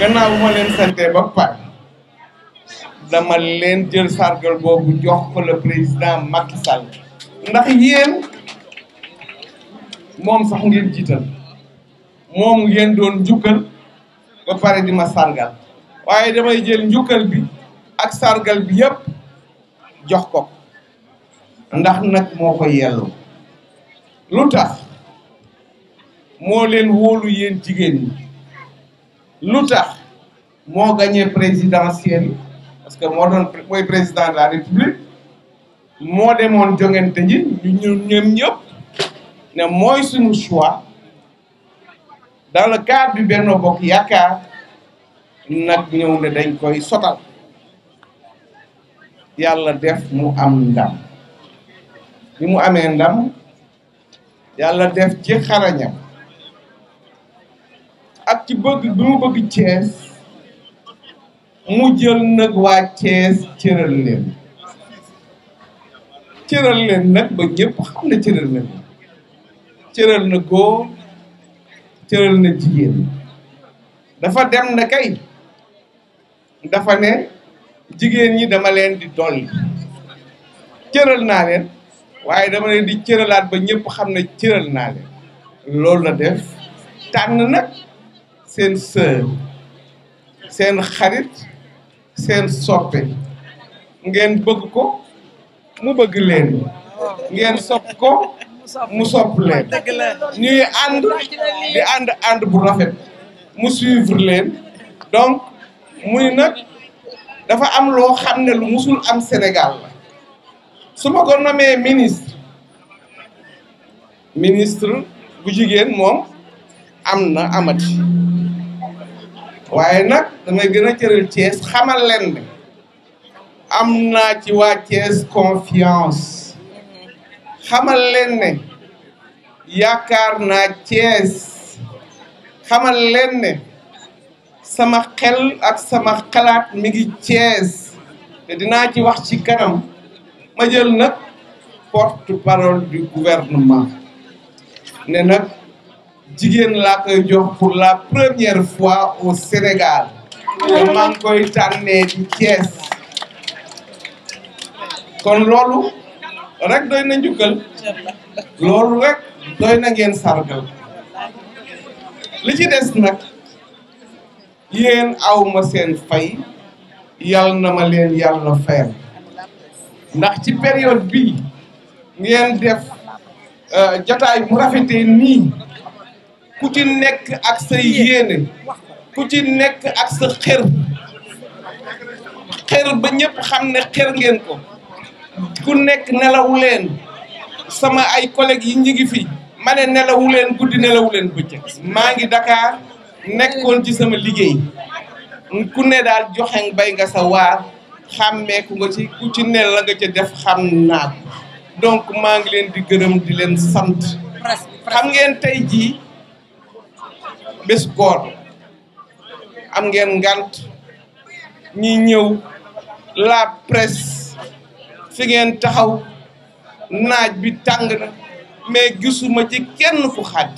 gannaaw ma leen sante ba pare dama leen jël sargal boobu jox ko le président Macky ndax yéen moom sax ngeen jiital moom ngeen doon njukkal ba pare di ma sargal waaye damay jël njukkal bi ak sargal bi yépp jox ko ndax nag moo ko yelloo lu tax moo leen wóolu yéen jigéen ñi lu tax moo gagné présidentielle parce que moo doon mooy président de la république moo demoon jongante ji ñu ñoom ñëpp ne mooy suñu choix dans le cadre du Benno Bokk Yaakaar nag ñëw ne dañ koy sotal yàlla def mu am ndam bi mu amee ndam yàlla def ci xarañam ak ci bëgg bi mu bëgg Thiès mu jël nag waa Thiès cëral leen cëral leen nag ba ñëpp xam na cëral na cëral na jigéen dafa dem na kay dafa ne jigéen ñi dama leen di dolli cëral naa leen waaye dama leen di cëralaat ba ñépp xam ne cëral naa leen loolu la def tànn nag seen sœur seen xarit seen soppe ngeen bëgg ko mu bëgg leen ngeen sopp ko mu sopp leen ñuy ànd di ànd ànd bu rafet mu suivre leen donc muy nag dafa am loo xam ne lu musul am Sénégal la su ma ko nommee ministre ministre bu jigéen moom am na amati waaye nag damay gën a cëral Thiès xamal leen am naa ci waa Thiès confiance xamal leen ne yaakaar naa Thiès xamal leen sama xel ak sama xalaat mi ngi Thiès te dinaa ci wax ci kanam ma jël nag porte-parole du gouvernement ne nag jigéen laa koy jox pour la première fois au Sénégal te maa ngi koy tànnee ci kon loolu rek doy na njukkal loolu rek doy na ngeen sargal li ci des nag yéen awma seen fay yàlla na ma leen yàlla fayal ndax ci période bii ngeen def euh, jataay bu rafetee nii ku ci nekk ak sa yéene ku ci nekk ak sa xër xër ba ñépp xam ne xër ngeen ko ku nekk nelawu sama ay collègues yi ñu fi ma ne nelawu leen guddi nelawu leen bëccëg maa ngi Dakar woon ci sama liggéey ku ne daal joxe bay nga sa waar xàmmeeku nga ci ku ci ne la nga ca def xam naa ko donc maa ngi leen di gërëm di leen sant xam ngeen tey jii bés góor am ngeen ngant ñi ñëw la presse fi ngeen taxaw naaj bi tàng na mais gisuma ci kenn ku xaaj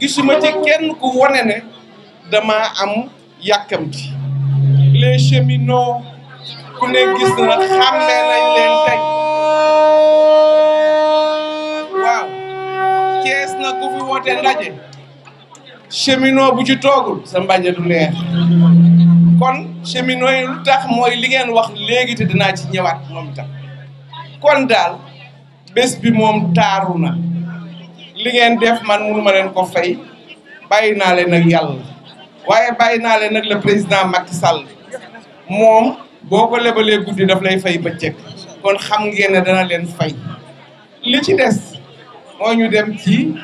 gisuma ci kenn ku wone ne dama am yàkkamti les cheminots ku ne gis na xàmme nañ leen teg waaw Cees na ku fi woote ndaje cheminot bu ci toogul sa mbàjj du leer kon cheminot yi lu mooy li ngeen wax léegi te dinaa ci ñëwaat moom itam kon daal bés bi moom taaru na li ngeen def man mënu leen ko fay bàyyi naa leen ak yàlla waaye bàyyi naa leen ak le président Macky Sall moom boo ko lebalee guddi daf lay fay bëccëg kon xam ngeen ne dana leen fay li ci des moo ñu dem ci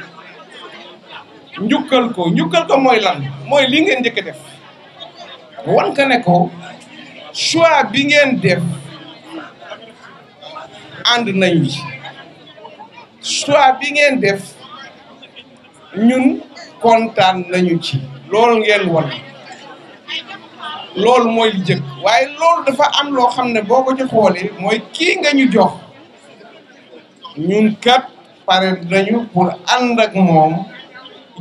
njukkal ko njukkal ko mooy lan mooy li ngeen njëkk def wan ka ne ko choix bi ngeen def ànd nañu bi choix bi ngeen def ñun kontaan nañu ci loolu ngeen wan loolu mooy jëkk waaye loolu dafa am loo xam ne boo ko ci xoolee mooy kii nga ñu jox ñun kat pare nañu pour ànd ak moom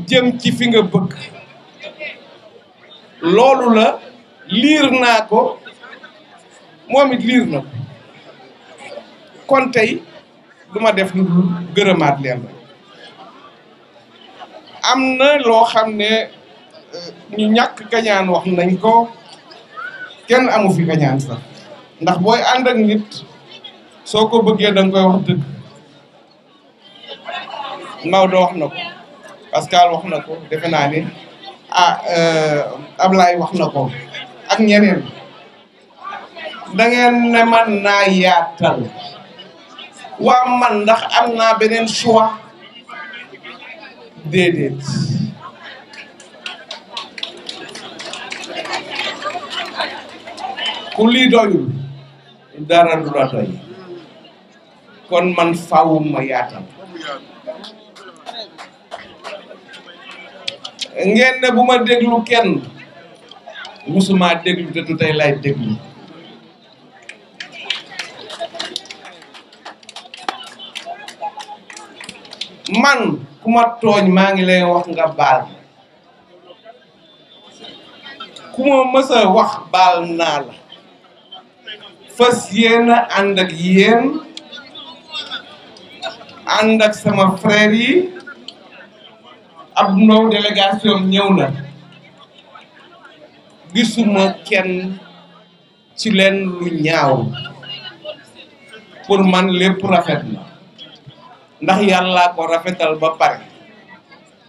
jëm ci fi nga bëgg loolu la liir naa ko moom it liir na ko kon tey du ma def gërëmaat leen la am na loo xam ne euh, ñu ñàkk gañaan wax nañ ko kenn amu fi gañaan sax ndax booy ànd ak nit soo ko bëggee da nga koy wax dëgg Maodo wax na ko parce Pascal wax na ko defe naa ni ah euh, Ablaye wax na ko ak ñeneen da ngeen ne man naa yaatal waa man ndax am naa beneen choix déedéet ku lii doyul dara du la kon man faaw ma yaatal ngeen ne bu ma déglu kenn musuma déglu te du tey lay déglu man ku ma tooñ maa ngi lay wax nga baal ku ma mësa wax baal naa la fas yéen a ànd ak yéen ànd ak sama frère yi ab ndaw délégation ñëw na gisuma kenn ci leen lu ñaaw pour man lépp rafet na ndax yàllaa ko rafetal ba pare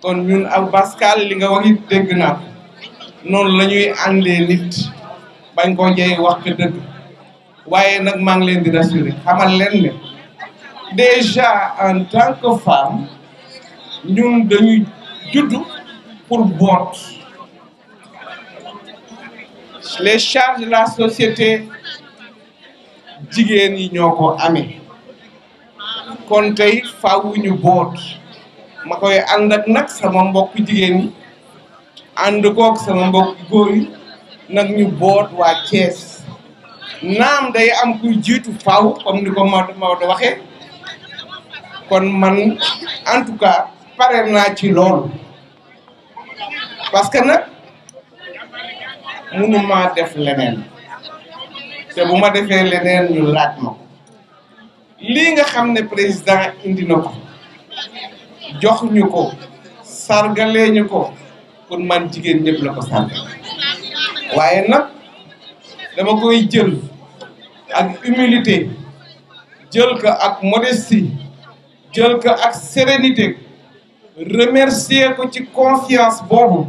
kon ñun ak Pascal li nga wax it dégg naa ko noonu la ñuy àndee nit bañ wax ko dëgg waaye nag maa ngi leen di rassuré xamal leen ne déjà en tant que ñun dañuy juddu pour boot les charges la société jigéen yi ñoo ko ame kon tey fawuñu boot ma koy ànd nag sama mbokk jigéen yi ànd sama mbokk góor nag ñu boot waa Thiès naam day am kuy jiitu faw comme ni ko Maodo Maodo kon man en tout cas pare naa ci loolu parce que nag munu maa def leneen te bu ma defee leneen ñu laaj ma ko lii nga xam ne président indi na ko jox ñu ko sargalee ñu ko pour man jigéen ñëpp la ko sargal waaye nag dama koy jël ak humilité jël ko ak modestie jël ko ak sérénité remercier ko ci confiance boobu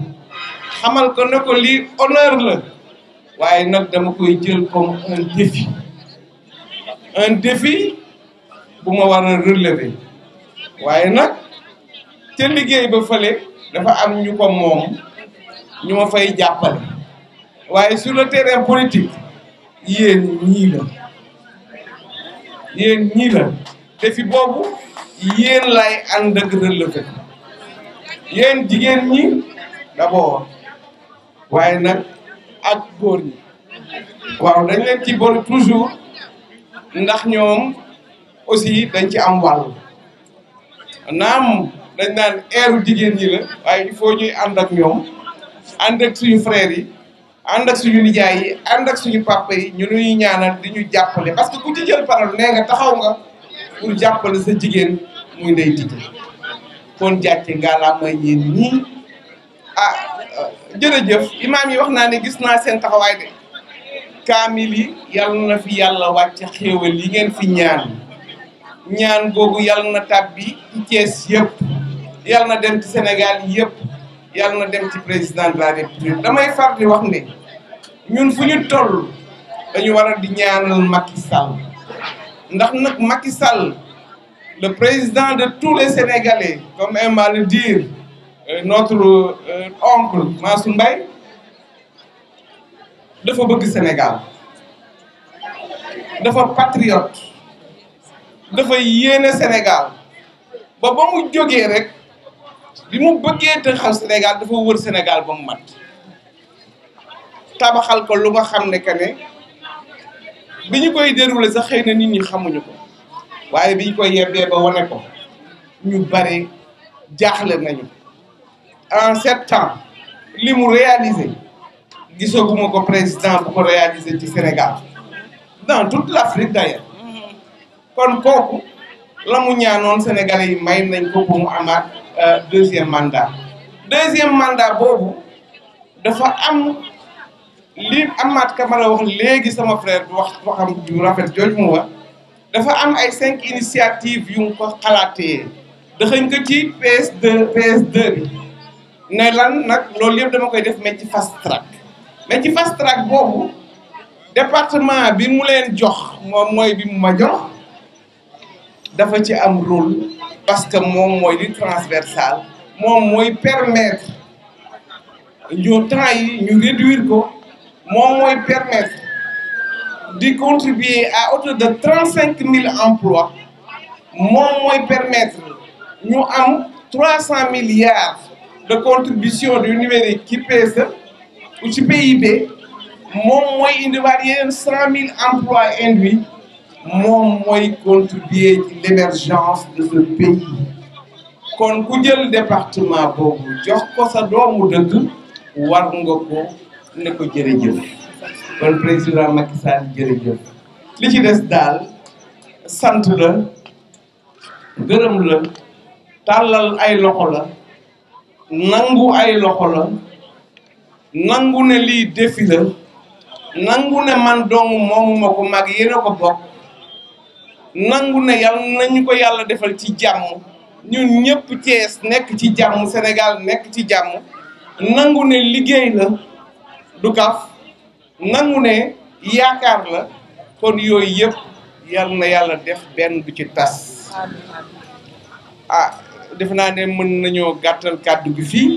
xamal ko ne ko lii honneur la waaye nag dama koy jël comme un défi un défi bu ma war a relever waaye nag te liggéey ba fële dafa am ñu ko moom ñu ma fay jàppale waaye sur le terrain politique yéen ñii la yéen ñii la défi boobu yéen lay ànd ak relever yéen jigéen ñi d'abord waaye nag ak góor ñi waaw dañ leen ci bor toujours ndax ñoom aussi dañ ci am wàll naam dañ naan eeru jigéen ñi la waaye il faut ñuy ànd ak ñoom ànd suñu frères yi ànd suñu nijaay yi ànd ak suñu papa yi ñu ñuy ñaanal di ñu jàppale parce que ku ci jël parole nee nga taxaw nga pour jàppale sa jigéen muy Ndeye Tické kon jàcce ngalaama yéen ñii ah euh, jërëjëf imaam yi wax naa ne gis naa seen taxawaay de kaamil yi yàlla na fi yàlla wàcc xéewal yi ngeen fi ñaan ñaan googu yàlla na tàbbi ci Thiès yëpp yal na dem ci Sénégal yëpp yal na dem ci président de la république damay far di wax ne ñun fu ñu toll dañu war di ñaanal Macky ndax nag Macky le président de tous les Sénégalais, comme aime à le dire euh, notre euh, oncle Mansour Mbaye dafa bëgg Sénégal dafa patriote dafa yéene Sénégal ba ba mu jógee rek bi mu bëggee tëxal Sénégal dafa wër Sénégal ba mu mat tabaxal ko lu nga xam ne que bi ñu koy déroulé sax xëy na nit ñi xamuñu ko waaye biñ koy yebbee ba wane ko ñu bari jaaxle nañu en sept ans li mu réalisé gisaguma ko président bu ko réalisé ci Sénégal dans toute l'Afrique d'ailleurs kon kooku la mu ñaanoon Sénégalais yi may nañ ko bu mu amaat euh, deuxième mandat deuxième mandat boobu dafa am li Amath Camara wax léegi sama frère wax waxam ju rafet jooju wax dafa am ay cinq initiative yu ko xalaatee dëxëñ ko ci PS2 PS2 lan nag loolu yëpp dama koy def metti ci fast track mais ci fast boobu département bi mu leen jox moom mooy bi mu ma jox dafa ci am rôle parce que moom mooy li transversal moom mooy permettre ñu temps yi ñu réduire ko moom mooy permettre di contribuer à hauteur de trente cinq mille emplois moom mooy permettre ñu am trois cent milliards de contribution du numérique ci PSE ci PIB moom mooy indiwaat cent mille emplois induits moom mooy contribuer ci l'émergence de ce pays kon ku jël département boobu jox ko sa doomu dëkk war nga ko ne ko jërëjëf kon président Macky Sall li ci des daal sant la gërëm la tàllal ay loxo la nangu ay loxo la nangu ne lii défi la nangu ne man doomu moomuma ko mag yéen a ko bokk nangu ne yàlla nañu ko yàlla defal ci jàmm ñun ñëpp Thiès nekk ci jàmm Sénégal nekk ci jàmm nangu ne liggéey la du kaf nangu ne yaakaar la kon yooyu yëpp yal na yàlla def benn du ci tas ah defe naa ne mën nañoo gàttal kàddu gi fii